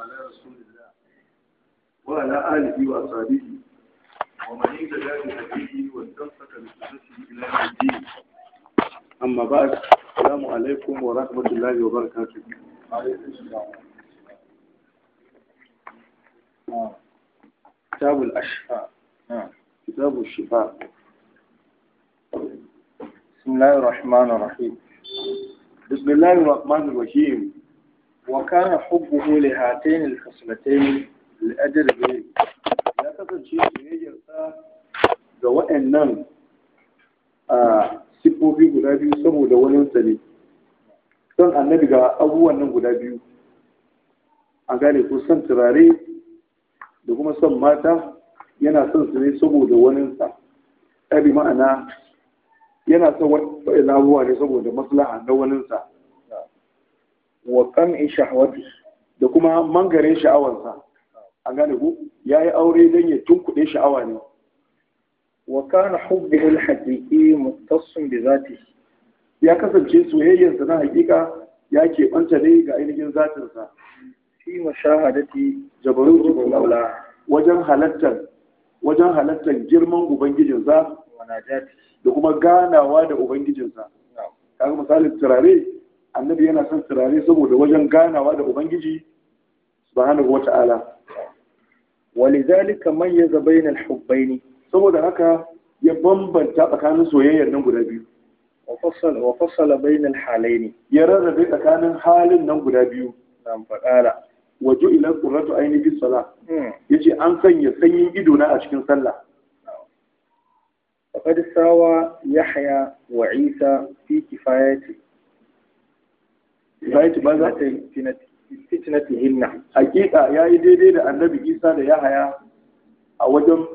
على رسول الله وعلى آله وأصحابه ومن اهتدى بهديه واستمسك بسنته إلى يوم الدين أما بعد السلام عليكم ورحمة الله وبركاته وعليكم السلام نعم. كتاب الأشفاء نعم. كتاب الشفاء بسم الله الرحمن الرحيم بسم الله الرحمن الرحيم وكان حبه لهاتين الخصلتين لأجل al khaslatayn li ajr ghayri ya kasance soyayyar sa ga waɗannan a sifofi guda biyu saboda wani ne son annabi ga abubuwan guda biyu gane turare da mata yana son su ne saboda waninsa ɗari ma'ana yana son wa'in abubuwa ne saboda maslaha na waninsa wa qam'i shahwati da kuma mangare sha'awansa a gane ku yi aure dan ya tunkuɗe sha'awa ne wa kana hubbi al-haqiqi muttasim bi zati ya kasance soyayyarsa na hakika ya ke banta ne ga ainihin zatinsa fi mashahadati jabarun maula wajen halattar wajen halattar girman ubangijinsa da kuma ganawa da ubangijinsa kaga misalin turare annabi yana son turare saboda wajen ganawa da ubangiji subhanahu wata'ala walizalika mayyaza bainal hubbaini saboda haka ya bambanta tsakanin soyayyar nan guda biyu Wa وفصل بين الحالين Ya rarrabe tsakanin halin nan guda biyu nan fadala waju ila qurratu aini fi salah hmm. yace an sanya sanyin ido na a cikin sallah faqad sawa yahya wa isa fi kifayati Ibrahim ba za ta yi fitnati hinna hakika yi daidai da annabi Isa da ya haya a wajen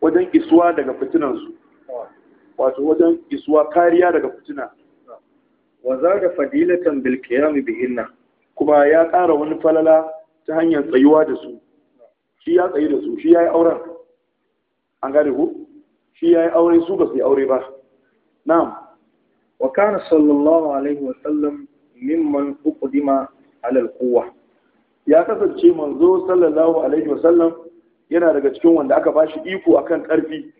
wajen isuwa daga fitinansu wato wajen isuwa kariya daga fitina wa ga fadilatan bilkiyami bi hinna kuma ya ƙara wani falala ta hanyar tsayuwa da su shi ya tsayi da su shi ya yi auren an gane ku shi ya yi aure su ba su yi aure ba na'am wa kana sallallahu alaihi wa sallam mimman uqdima alal quwwa ya kasance manzo sallallahu alaihi wasallam yana daga cikin wanda aka bashi iko akan karfi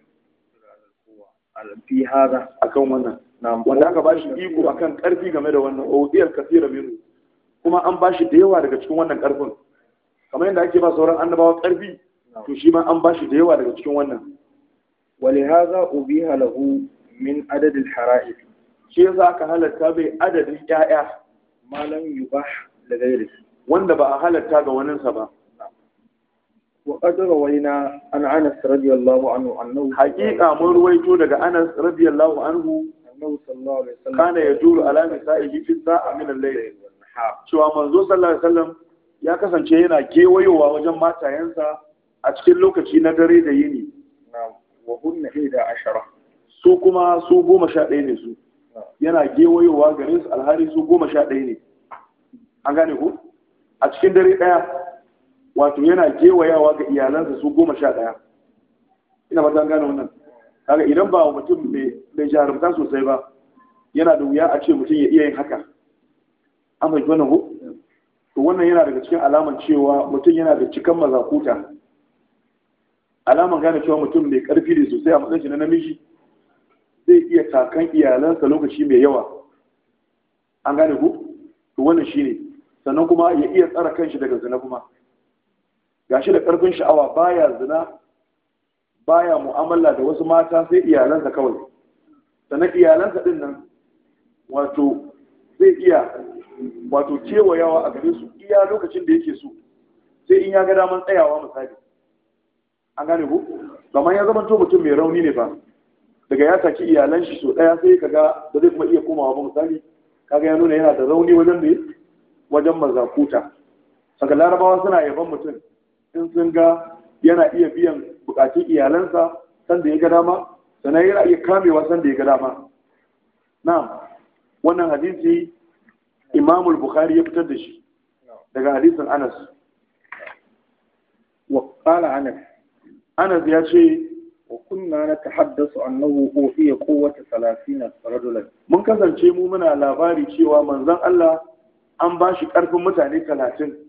fi hada akan wannan wanda aka bashi iko akan karfi game da wannan awdiyar kasira biyu kuma an bashi da yawa daga cikin wannan karfin kamar yadda ake ba sauran annabawa karfi to shi ma an bashi da yawa daga cikin wannan ولهذا أبيها له adadin hara'i shi yasa aka halatta bai adadin ƴaƴa malam yubah da gairi wanda ba a halatta ga waninsa ba wa qadara waina an anas radiyallahu anhu annahu haqiqa mun ruwaito daga anas radiyallahu anhu annahu sallallahu alaihi wasallam kana yajuru ala nisa'ihi fi sa'a min al-layl cewa manzo sallallahu alaihi wasallam ya kasance yana gewayowa wajen matayensa a cikin lokaci na dare da yini na wa hunna 11 su kuma su goma sha ɗaya ne su yana gewayowa garin su alhari su goma sha ɗaya ne an gane ku a cikin dare ɗaya wato yana gewayawa ga iyalansa su goma sha ɗaya ina ba ta gane wannan kaga idan ba mutum mai jarumta sosai ba yana da wuya a ce mutum ya iya yin haka an fahimci wannan ku to wannan yana daga cikin alaman cewa mutum yana da cikan mazakuta alaman gane cewa mutum mai karfi ne sosai a matsayin shi na namiji zai iya takan iyalansa lokaci mai yawa an gane ku to wannan shine sannan kuma ya iya tsara kanshi daga zina kuma gashi da karfin sha'awa baya zina baya mu'amala da wasu mata sai iyalansa kawai sannan iyalansa din nan wato zai iya wato kewayawa a gare su iya lokacin da yake so sai in ya ga daman tsayawa misali an gane ku kamar ya zama to mutum mai rauni ne ba daga ya saki iyalan shi so daya sai kaga ba zai kuma iya komawa ba misali kaga ya nuna yana da rauni wajen me wajen mazakuta saka larabawa suna yaban mutum in sun ga yana iya biyan bukatun iyalansa sanda ya ga dama sannan yana iya kamewa sanda ya ga dama na'am wannan hadisi imamul bukhari ya fitar da shi daga hadisin anas wa qala anas anas ya ce وكنا نتحدث أنه أوفي قوة ثلاثين رجلا من كذا شيء مو من الأخبار شيء ومن ذا الله أن باش كرف متعني ثلاثين